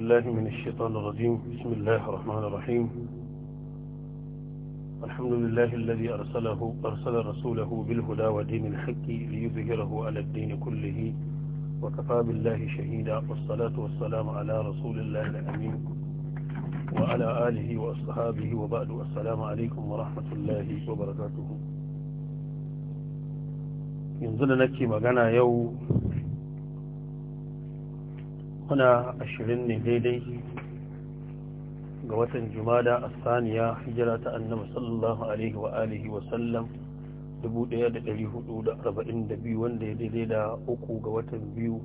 الله من الشيطان الرجيم بسم الله الرحمن الرحيم الحمد لله الذي أرسله أرسل رسوله بالهدى ودين الحق ليظهره على الدين كله وكفى بالله شهيدا والصلاة والسلام على رسول الله الأمين وعلى آله وأصحابه وبعد السلام عليكم ورحمة الله وبركاته ينزلنا كما مغانا يوم muna ashirin ne daidai ga watan jumada a saniya hijira ta annaba sallallahu alaihi wa alihi wa sallam 1442 wanda ya daidai da uku ga watan biyu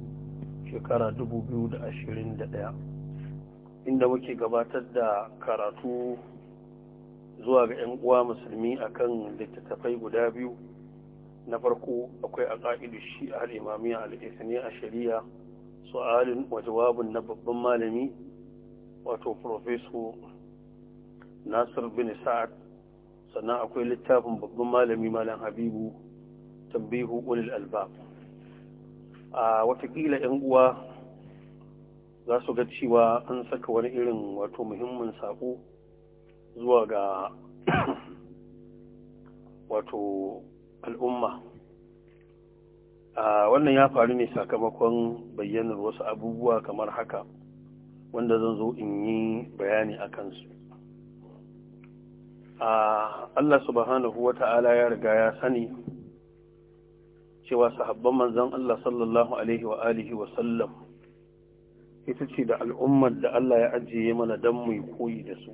shekara 2021 inda muke gabatar da karatu zuwa ga 'yan uwa musulmi akan littattafai guda biyu na farko akwai a ƙa'idu shi a al'imamiya al'isani a shari'a su'alin wa jawabin na babban malami wato profeso nasir bin sa'ad sannan akwai littafin babban malami malam habibu tambihu ulil albab a watakila 'yan uwa za su ga cewa an saka wani irin wato muhimmin sako zuwa ga wato al'umma wannan ya faru ne sakamakon bayyanar wasu abubuwa kamar haka wanda zan zo in yi bayani a kansu Allah subhanahu wa ta'ala ya riga ya sani cewa sahabban manzan Allah sallallahu alaihi wa alihi wa sallam ita ce da al'ummar da Allah ya ajiye mana don mu koyi da su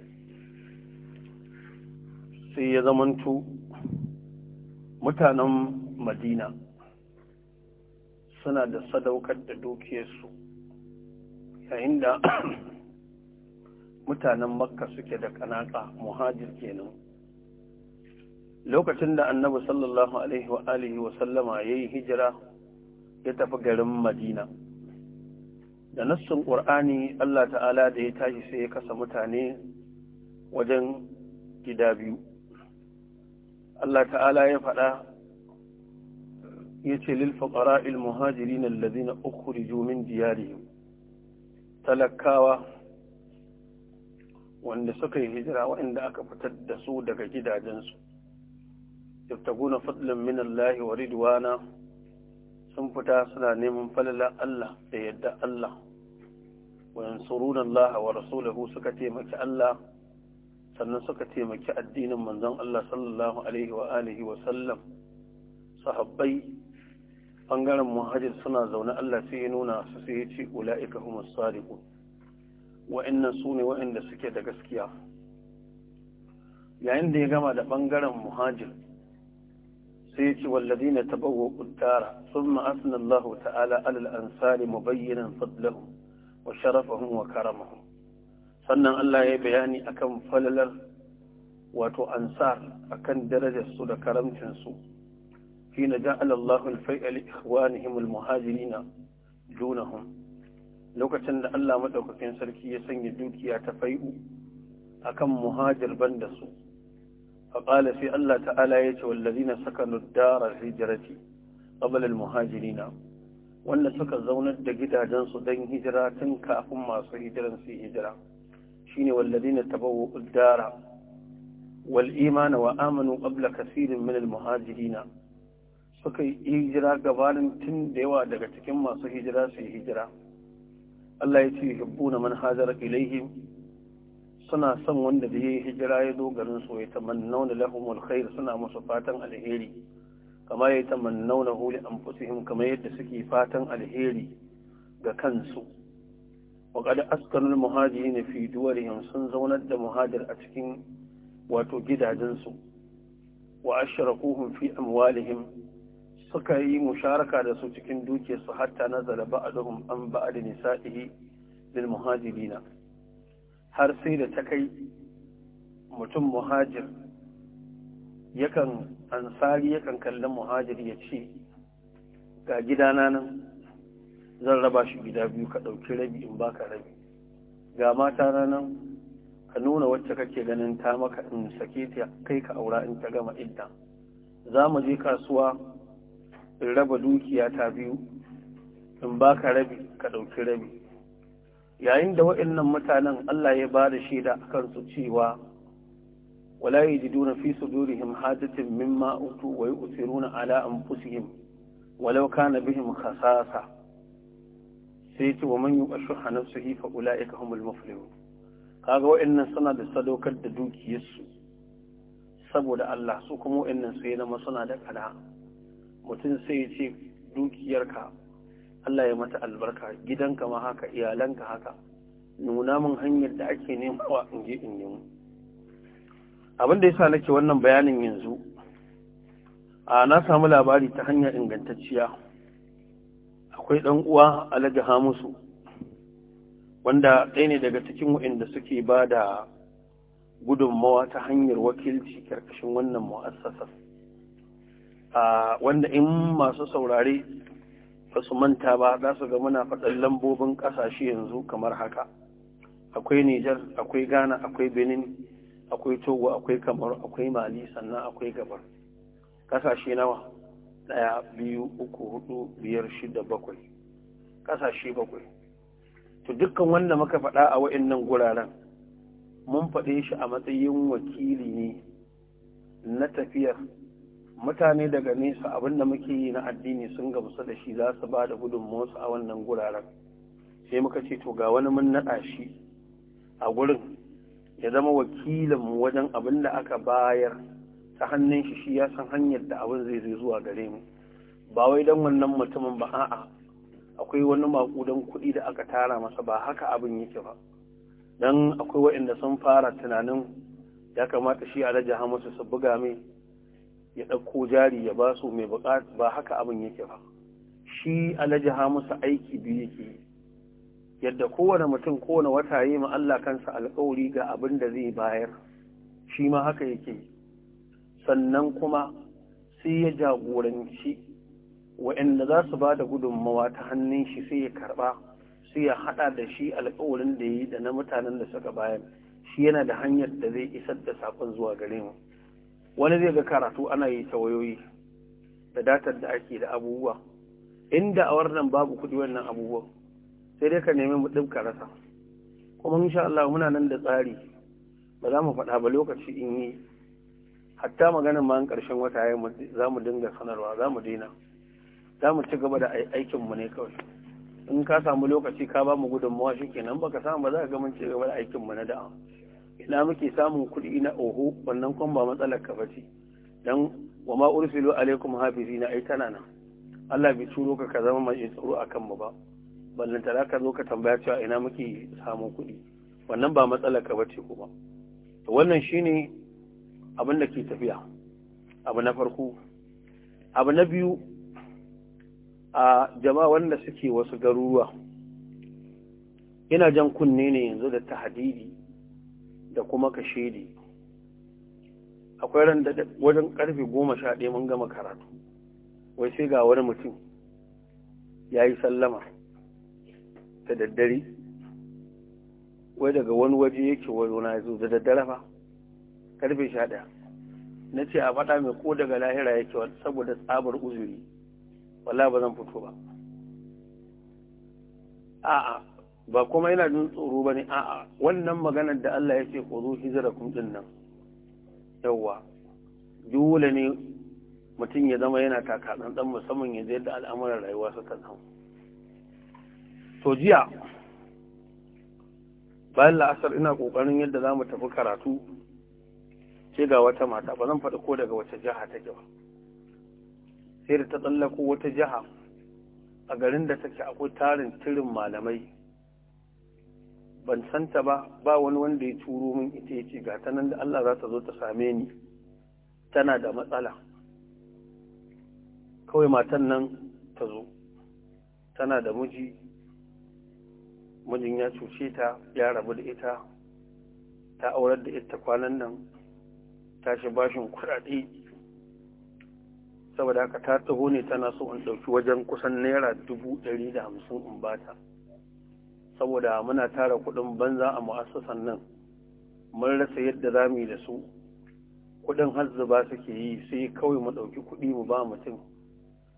sai ya zamanto mutanen madina suna da sadaukar da dokiyarsu. yayin da mutanen makka suke da kanaka muhajir kenan lokacin da annabi sallallahu alaihi wa alihi wa sallama yayi hijira ya tafi garin madina da nassin ƙur'ani Allah ta'ala da ya tashi sai ya kasa mutane wajen gida biyu Allah ta'ala ya faɗa yace ce fuqara al muhajirin uku ukhriju min diyarihim talakawa wanda suka yi hijira waɗanda aka fitar da su daga gidajensu yabtaguna fadlan min Allah wa ridwana sun fita suna neman falala Allah da yadda Allah wayan yansuruna Allah wa rasulahu suka taimaki Allah sannan suka taimaki addinin manzon Allah sallallahu alaihi wa alihi wa sallam sahabbai bangaren muhajir suna zaune Allah sai ya nuna su sai ya ce ula'ika humus sadiqun wa'annan su ne wa'anda suke da gaskiya yayin da ya gama da bangaren muhajir sai ya ce walladina tabawwa qaddara thumma asna Allah ta'ala alal ansari mubayyinan fadlahu wa sharafahum wa karama sannan Allah ya bayani akan falalar wato ansar akan darajar su da karamcin su حين جعل الله الفيء لإخوانهم المهاجرين دونهم lokacin da Allah maɗaukakin sarki ya sanya dukiya ta fai'u akan muhajir ban da su a ƙala sai Allah ta'ala ya ce wallazi na saka nuddara hijirati ƙabalar muhajirina wanda suka zaunar da gidajensu don hijira tun kafin masu hijirar su hijira shine wallazi na tabawa uddara wal imana wa amanu ƙabla kasirin min muhajirina suka yi hijira gabanin tun da yawa daga cikin masu hijira su yi hijira Allah ya ce hibbu na manhajar ilaihim suna son wanda da yi hijira ya zo garin su ya tamannauna lahum alkhair suna musu fatan alheri kama ya tamannauna hu li anfusihim kama yadda suke fatan alheri ga kansu وقد أسكن المهاجرين zaunar da muhajir a cikin wato gidajensu عدنسو وأشركوهم fi amwalihim suka yi musharaka da su cikin su hatta a ba'aduhum an ba'ad nisa'ihi lil muhajirina har sai da ta kai mutum muhajir yakan ansari yakan kalli muhajir ya ce ga gidana nan zan raba shi gida biyu ka ɗauki rabi in baka rabi ga mata nan ka nuna wacce kake ganin ta maka in sake ta kai ka aura in ta gama idda za mu je kasuwa in raba dukiya ta biyu in baka rabi ka ɗauki rabi yayin da waɗannan mutanen Allah ya ba da shaida a kansu cewa wala yajiduna fi sudurihim hajatin mimma utu wa yu'thiruna ala anfusihim walau kana bihim khasasa sai ce wa man yuqashu nafsihi fa ulaika humul muflihun kaga waɗannan suna da sadaukar da dukiyarsu saboda Allah su kuma waɗannan sai na suna da kala mutum sai ya ce dukiyarka Allah ya mata albarka gidanka ma haka iyalanka haka nuna min hanyar da ake nemawa in je in nemo abin da yasa nake wannan bayanin yanzu a na samu labari ta hanyar ingantacciya akwai dan uwa Alhaji hamusu wanda ɗaya ne daga cikin waɗanda suke ba da gudunmawa ta hanyar wakilci karkashin wannan mu'assasar wanda in masu saurare ba su manta ba za su ga muna faɗin lambobin ƙasashe yanzu kamar haka akwai Nijar akwai Ghana akwai Benin akwai Togo akwai Kamaru akwai Mali sannan akwai Gabar ƙasashe nawa ɗaya biyu uku hudu biyar shida bakwai ƙasashe bakwai to dukkan wanda muka faɗa a waɗannan guraren mun faɗe shi a matsayin wakili ne na tafiyar mutane daga nesa abin da muke yi na addini sun gamsu da shi za su ba da gudunmuwarsu a wannan guraren sai muka ce to ga wani mun naɗa shi a gurin ya zama wakilinmu wajen abin da aka bayar ta hannun shi shi ya san hanyar da abin zai zai zuwa gare mu ba wai don wannan mutumin ba a'a akwai wani makudan kuɗi da aka tara masa ba haka abin yake ba Dan akwai waɗanda sun fara tunanin ya kamata shi a raja hamisu su buga mai ya ɗauko jari ya ba su mai ba haka abin yake ba shi alhaji musu aiki biyu yake yadda kowane mutum kowane wata yi ma Allah kansa alƙawari ga abin da zai bayar shi ma haka yake sannan kuma sai ya jagoranci waɗanda za su ba da gudunmawa ta hannun shi sai ya karɓa sai ya haɗa da shi alƙawarin da ya yi da na mutanen da suka bayar shi yana da hanyar da zai isar da saƙon zuwa gare mu wani zai ga karatu ana yi ta wayoyi da datar da ake da abubuwa inda a wannan babu kuɗi wannan abubuwa sai dai ka nemi mutum ka rasa kuma insha Allah muna nan da tsari ba za mu faɗa ba lokaci in yi hatta maganin ma ƙarshen wata ya za mu dinga sanarwa za mu daina za mu ci gaba da aikin mu ne kawai in ka samu lokaci ka ba mu gudunmawa kenan baka samu ba za ka ga mun ci gaba da aikin mu na da'a ina muke samun kuɗi na oho wannan kuma ba matsalar ka bace dan wa ma ursilu alaikum hafizina ai tana nan Allah bai turo ka ka zama mai tsaro akan mu ba ballan tara ka zo ka tambaya cewa ina muke samun kuɗi wannan ba matsalar ka bace kuma to wannan shine abin da ke tafiya abu na farko abu na biyu a jama'a wanda suke wasu garuruwa ina jan kunne ne yanzu da tahadidi da kuma kashedi akwai ran da wajen karfe goma sha ɗaya mun gama karatu wai sai ga wani mutum ya yi sallama da daddare wai daga wani waje yake wani na zo da daddare fa karfe sha ɗaya na ce a faɗa mai ko daga lahira yake saboda tsabar uzuri wala ba zan fito ba a'a ba kuma yana jin tsoro ba ne a'a wannan maganar da Allah ya ce ku zo hijira kun din nan yawa dole ne mutum ya zama yana taka dan musamman ya yadda al'amuran rayuwa suka zama to jiya bayan la'asar ina kokarin yadda za mu tafi karatu sai ga wata mata ba zan faɗi ko daga wace jiha ta ba sai da ta tsallako wata jiha a garin da take akwai tarin tirin malamai ban santa ba ba wani wanda ya turo min ita ya ce ga ta nan da Allah za ta zo ta same ni tana da matsala kawai matan nan ta zo tana da miji mijin ya cuce ta ya rabu da ita ta aurar da ita kwanan nan ta shi bashin kuɗaɗe saboda haka ta taho ne tana so in ɗauki wajen kusan naira dubu ɗari da hamsin in bata. ta saboda muna tara kuɗin banza a mu'assasan nan mun rasa yadda za mu yi da su kuɗin su suke yi sai kawai mu ɗauki kuɗi mu ba mutum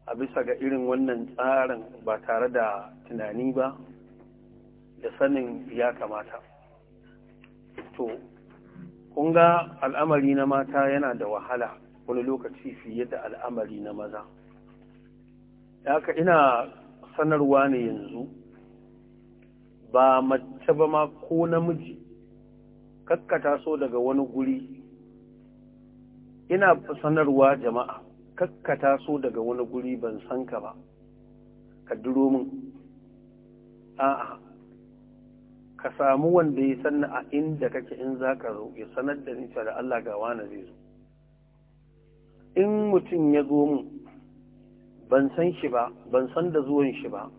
a bisa ga irin wannan tsarin ba tare da tunani ba da sanin ya kamata to kun ga al'amari na mata yana da wahala wani lokaci fiye da al'amari na maza haka ina sanarwa ne yanzu ba mace ba ma ko namiji kakkata so daga wani guri ina sanarwa jama'a kakkata so daga wani guri ban san ka ba ka duro min a'a ka samu wanda ya sanna a inda kake in za ka zo ya sanar da ni da Allah ga wani zai zo in mutum ya zo min ban san shi ba ban san da zuwan shi ba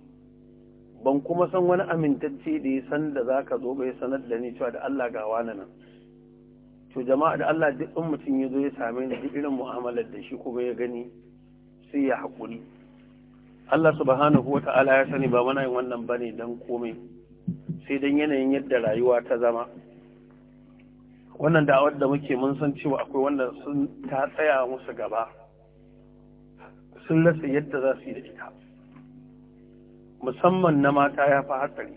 ban kuma san wani amintacce da ya san da za ka zo bai sanar da ni cewa da Allah ga wani nan to jama'a da Allah duk in mutum ya zo ya same ni duk irin mu'amalar da shi kuma ya gani sai ya haƙuri Allah subhanahu wa ta'ala ya sani ba mana yin wannan ne dan komai sai dan yanayin yadda rayuwa ta zama wannan da'awar da muke mun san cewa akwai wanda sun ta tsaya musu gaba sun rasa yadda za su yi da ita musamman na mata ya fi hatsari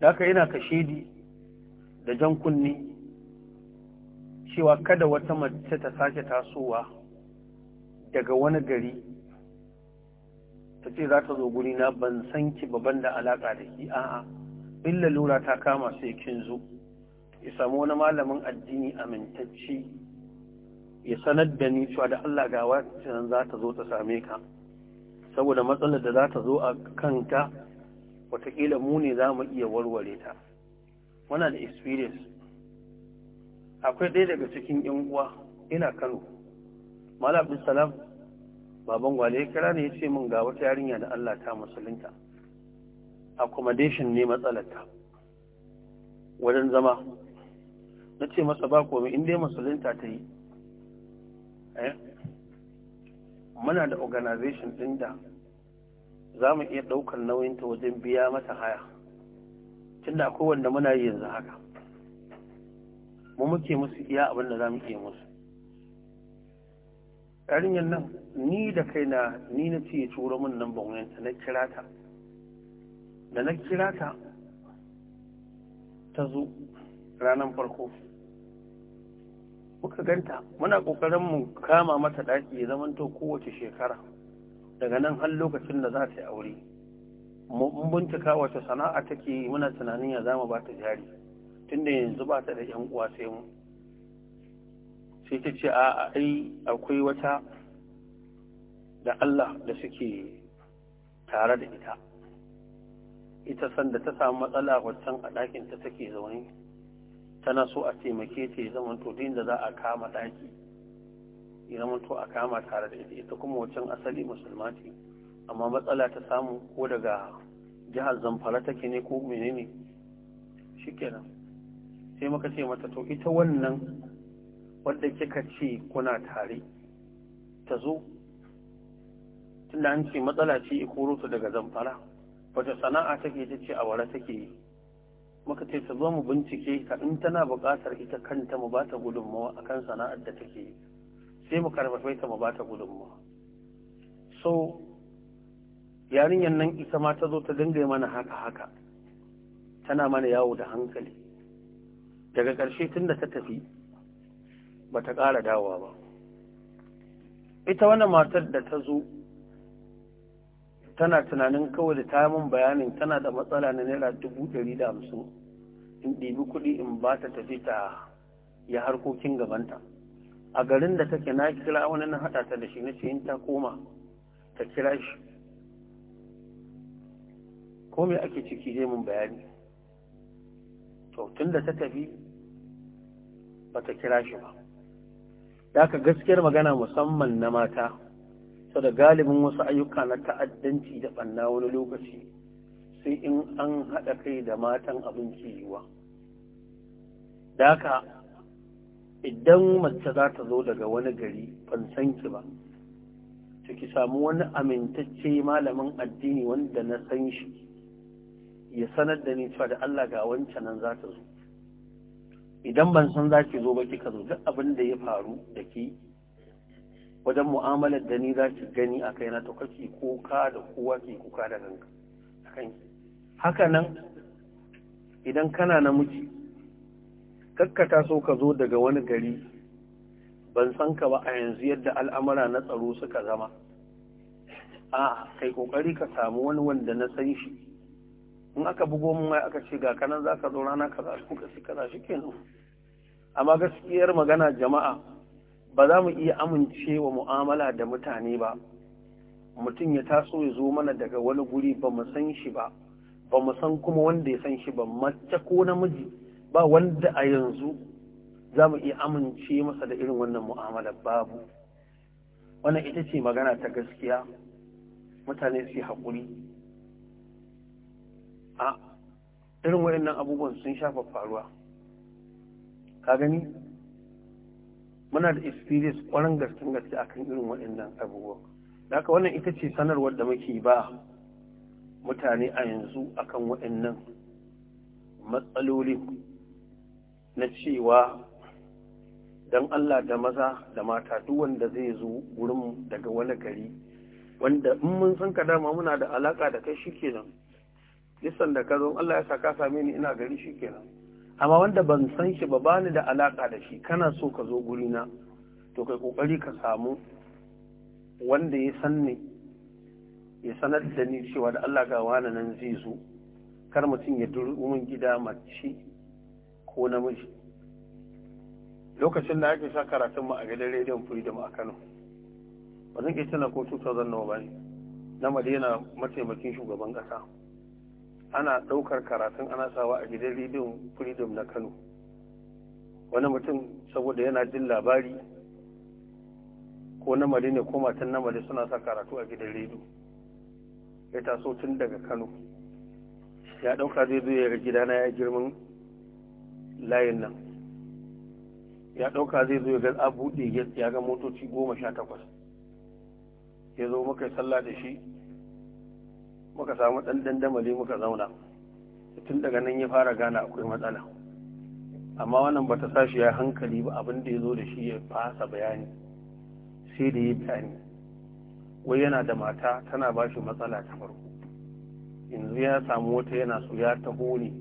da ina yana kashedi da jan kunni cewa kada wata mace ta sake tasowa daga wani gari ta ce za ta zo guri na ban san ki baban da alaƙa da ki a'a illa lura ta kama sai kin zo ya samu wani malamin addini amintacci ya sanar da ni cewa da Allah ga wacce za ta zo ta same ka saboda matsalar da za ta zo a kanta watakila mu ne za mu iya warware ta muna da experience akwai ɗaya daga cikin yan uwa ina kano malam salam baban gwale ya kira ne ya ce min ga wata yarinya da allah ta musulunta accommodation ne matsalarta wajen zama na ce masa ba komai in dai musulunta ta yi eh? muna da organization ɗin da za mu iya ɗaukar nauyinta wajen biya mata haya tun da akwai wanda muna yi yanzu haka mu muke musu iya abin da za mu iya musu yarinyar nan ni da kaina ni na ce turo min nan wuyanta na kira da na kirata, ta ta zo ranar farko muka ganta muna ƙoƙarin mu kama mata ɗaki ya zamanto kowace shekara daga nan har lokacin da za ta yi aure mun bincika wace sana'a take muna tunanin ya zama ba ta jari tunda yanzu ba ta da yan uwa sai mu sai ta ce a ai akwai wata da Allah da suke tare da ita ita sanda ta samu matsala waccan a ɗakin ta take zaune tana so a taimake ta ya zama to din da za a kama daki ya zama a kama tare da ita ita kuma wancan asali musulma ce amma matsala ta samu ko daga jihar zamfara take ne ko menene shikenan sai muka ce mata to ita wannan wadda kika ce kuna tare ta zo tunda an ce matsala ce ikoro ta daga zamfara wata sana'a take ta ce a wara take yi muka ce ta zo mu bincike ka in tana buƙatar ita kanta mu ba ta gudunmawa kan sana'ar da take yi sai mu karfafe ta mu ba ta gudunmawa so yarinyar nan ita ma ta zo ta dinga mana haka haka tana mana yawo da hankali daga ƙarshe tun da ta tafi ba ta ƙara dawa ba ita wani matar da ta zo tana tunanin kawai da ta min bayanin tana da matsala na naira dubu ɗari da hamsin in ɗibi kuɗi in ba ta tafi ta ya harkokin gabanta a garin da take na kira wani na haɗa ta da shi na in ta koma ta kira shi ko me ake ciki zai mun bayani to tun da ta tafi ba ta kira shi ba da gaskiyar magana musamman na mata so da galibin wasu ayyuka na ta'addanci da banna wani lokaci sai in an haɗa kai da matan abinci yiwa da haka idan mace za ta zo daga wani gari ban san ki ba to ki samu wani amintacce malamin addini wanda na san shi ya sanar da ni cewa da Allah ga wancan nan za ta zo idan ban san za ki zo ba kika zo duk abin da ya faru da ki wajen mu'amalar da ni za ki gani a kaina to kake kuka da kowa ke kuka da kanka haka nan idan kana namiji kakka taso ka zo daga wani gari ban san ka ba a yanzu yadda al'amura na tsaro suka zama a kai kokari ka samu wani wanda na san shi in aka bugo mun mai aka ce ga kanan zaka zo rana kaza ko ka kaza shi kenan amma gaskiyar magana jama'a ba za mu iya amince wa mu'amala da mutane ba mutum ya taso ya zo mana daga wani guri ba mu san shi ba ba mu san kuma wanda ya san shi ba mace ko namiji ba wanda a yanzu za mu iya amince masa da irin wannan mu'amala babu wannan ita ce magana ta gaskiya mutane su haƙuri a irin waɗannan abubuwan sun shafa faruwa ka gani muna da experience kwarin gaskin gaske akan irin waɗannan abubuwan haka wannan ita ce sanarwar da muke ba mutane a yanzu akan waɗannan matsaloli na cewa don Allah da maza da mata duk wanda zai zo wurin daga wani gari wanda in mun san ka dama muna da alaka da kai shi kenan kisan da ka zo Allah ya saka same ni ina gari shi kenan amma wanda ban san shi ba bani da alaka da shi kana so ka zo gurina to kai kokari ka samu wanda ya san ne ya sanar da ni cewa da Allah ga wani nan zai zo kar mutum ya duru min gida mace ko namiji lokacin da ake sa karatun mu a gidan rediyon freedom a Kano ba zan ke tana ko 2009 ba ne na madina mataimakin shugaban kasa ana ɗaukar karatun ana sawa a gidan rediyon freedom na kano wani mutum saboda yana jin labari ko namari ne ko matan namari suna sa karatu a gidan rediyo ya taso tun daga kano ya ɗauka zai zo ya gidana ya girman layin nan ya ɗauka zai zo ya ga a buɗe ya ga motoci goma sha takwas ya zo muka sallah da shi muka samu ɗan dandamali muka zauna tun daga nan ya fara gane akwai matsala amma wannan bata sa shi ya hankali ba abin da ya zo da shi ya fasa bayani sai da ya bayani wai yana da mata tana ba shi matsala ta farko yanzu ya samu wata yana so ya taho ne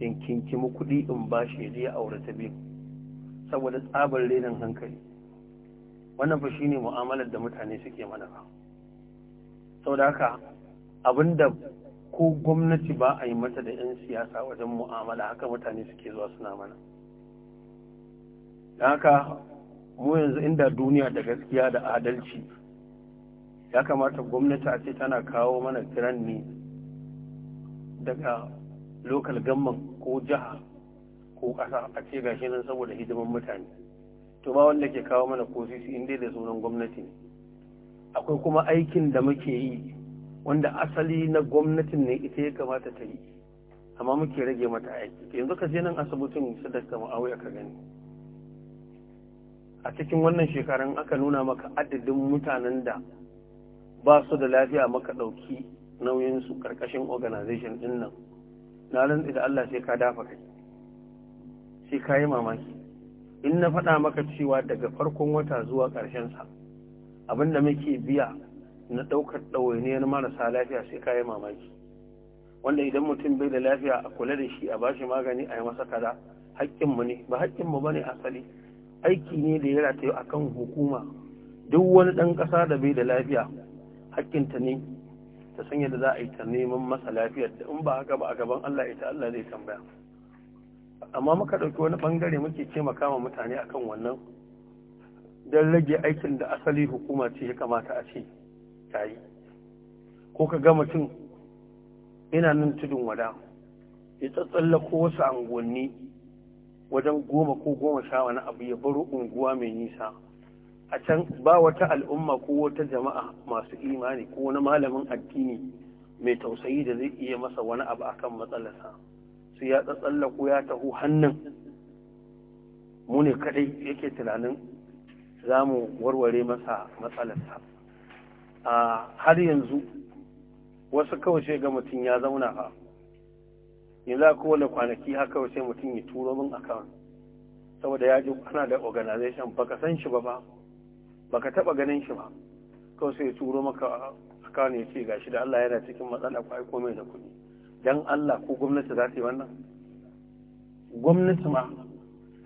in kinkimi kuɗi in ba shi ya je ya aure ta biyu saboda tsabar renin hankali wannan fa shine mu'amalar da mutane suke mana ba da haka abinda ko gwamnati ba a yi mata da 'yan siyasa wajen mu'amala haka mutane suke zuwa suna mana da haka mu yanzu inda duniya da gaskiya da adalci ya kamata gwamnati a ce tana kawo mana kiran ne daga lokal gamman ko jiha ko ƙasa a ce gashi nan saboda hidiman mutane to ba wanda ke kawo mana kosisi inda da sunan gwamnati ne akwai kuma aikin da muke yi wanda asali na gwamnatin ne ita ya kamata ta yi amma muke rage mata aiki yanzu ka je nan asibitin sadaka ma'auya ka gani a cikin wannan shekarun aka nuna maka adadin mutanen da ba su da lafiya maka ɗauki nauyinsu ƙarƙashin organization ɗin nan na ran da Allah sai ka dafa kai sai ka yi mamaki in na faɗa maka cewa daga farkon wata zuwa ƙarshensa abinda muke biya na ɗaukar ɗawainiyar marasa lafiya sai kayi mamaki wanda idan mutum bai da lafiya a kula da shi a bashi magani a yi masa kaza mu ne ba haƙƙinmu ba ne asali aiki ne da ya rataye a kan hukuma duk wani ɗan ƙasa da bai da lafiya haƙƙinta ne ta san yadda za a yi ta neman masa lafiyar da in ba haka ba a gaban Allah ita Allah zai tambaya amma muka ɗauki wani ɓangare muke ce kama mutane akan wannan don rage aikin da asali hukuma ce ya kamata a ce yi ko ka ga mutum ina nan tudun wada ya tsatsallako wasu unguwanni wajen goma ko goma sha wani abu ya baro unguwa mai nisa a can ba wata al'umma ko wata jama'a masu imani ko wani malamin addini mai tausayi da zai iya masa wani abu akan matsalarsa su ya tsatsallako ya taho hannun mu ne kadai yake tunanin za mu warware masa matsalarsa a har yanzu wasu kawai sai ga mutum ya zauna a yanzu a kowane kwanaki haka sai mutum ya turo min account saboda ya ji ana da organization baka san shi ba ba baka taba ganin shi ba kawai sai ya turo maka account ya ce gashi da Allah yana cikin matsala ko aiko mai da kuɗi dan Allah ko gwamnati za ta yi wannan gwamnati ma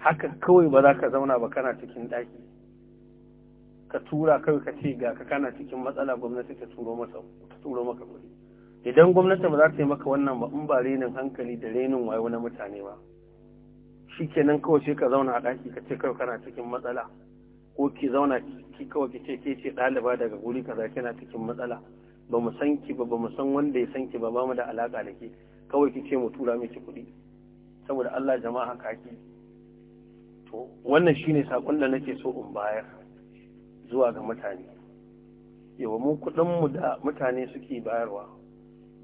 haka kawai ba za ka zauna ba kana cikin ɗaki ka tura kai ka ce ga ka kana cikin matsala gwamnati ta turo masa ta turo maka kuɗi idan gwamnati ba za ta yi maka wannan ba in ba renin hankali da renin wayo na mutane ba shikenan kawai sai ka zauna a ɗaki ka ce kai kana cikin matsala ko ki zauna ki kawai ki ce ke ce ɗaliba daga guri kaza kina cikin matsala ba mu san ki ba ba mu san wanda ya san ki ba ba mu da alaka da ke kawai ki ce mu tura miki kuɗi saboda Allah jama'a haka ki to wannan shine sakon da nake so in bayar zuwa ga mutane yawa mu kuɗinmu da mutane suke bayarwa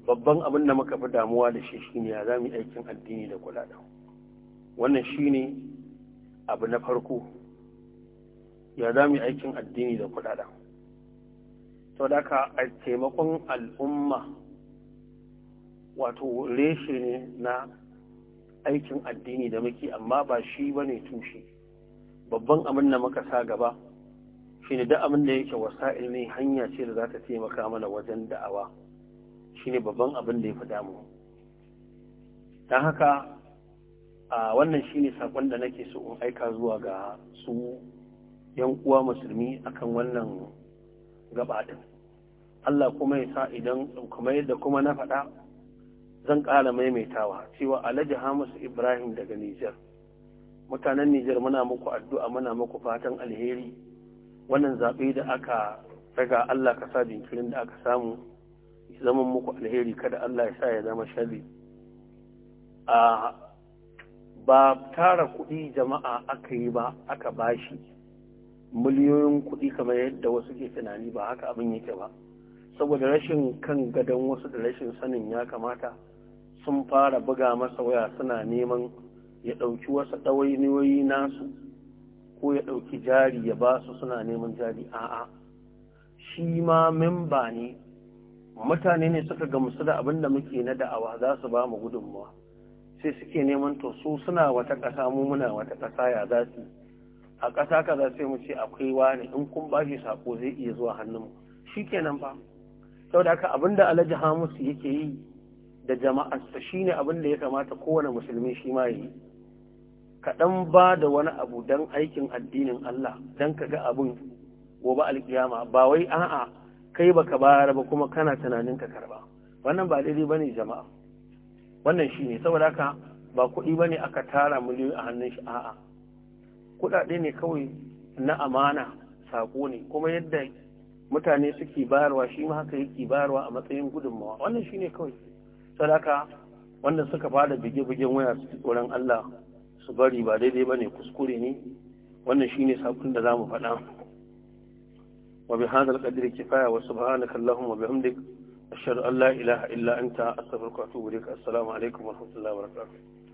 babban abin da muka fi damuwa da shi shine ya za aikin addini da kuɗaɗen wannan shine abu na farko ya za aikin addini da kuɗaɗen sau da ka a taimakon al'umma wato reshe ne na aikin addini da muke amma ba shi ba ne tushe babban abin da muka sa gaba ne da abin da yake wasa, ne hanya ce da za ta taimaka mana wajen da'awa shine babban abin da ya fi damu don haka a wannan shine saƙon da nake so in aika zuwa ga su yan uwa musulmi akan wannan gabatin Allah kuma ya sa idan kuma yadda kuma na faɗa zan ƙara maimaitawa cewa Alhaji Hamisu Ibrahim daga Nijar mutanen Nijar muna muku addu'a muna muku fatan alheri wannan zaɓe da aka daga Allah ka sa jinkirin da aka samu zama muku alheri kada Allah ya sa ya zama shari a ba tara kuɗi jama'a aka yi ba aka bashi miliyoyin kuɗi kamar yadda wasu ke tunani ba haka abin yake ba saboda rashin kan gadon wasu da rashin sanin ya kamata sun fara buga masa waya suna neman ya ɗauki wasu ɗawainiyoyi nasu ko ya ɗauki jari ya ba su suna neman jari a'a shi ma memba ne mutane ne suka gamsu da abin da muke na da'awa za su ba mu gudunmuwa sai suke neman to su suna wata ƙasa mu muna wata ƙasa ya za su a ƙasa kaza sai mu ce akwai wani in kun ba shi sako zai iya zuwa hannunmu shi kenan fa saboda haka abin da alhaji hamusu yake yi da jama'arsa shine abin da ya kamata kowane musulmi shi ma yi kaɗan ba da wani abu don aikin addinin Allah don ka ga abin gobe alkiyama ba wai a'a kai ba ka bayar ba kuma kana tunanin ka karba wannan ba daidai ba ne jama'a wannan shi ne saboda haka ba kuɗi ba ne aka tara miliyoyi a hannun shi a'a kuɗaɗe ne kawai na amana sako ne kuma yadda mutane suke bayarwa shi ma haka yake bayarwa a matsayin gudunmawa wannan shi ne kawai saboda haka wanda suka fada bige-bigen waya su tsoron Allah su bari ba daidai ba ne kuskure ne wannan shine sabon da za mu faɗa wa bi hadal qadri kifaya wa subhanaka allahumma bihamdik ashhadu an la ilaha illa anta astaghfiruka wa atubu ilaik assalamu alaikum wa rahmatullahi wa barakatuh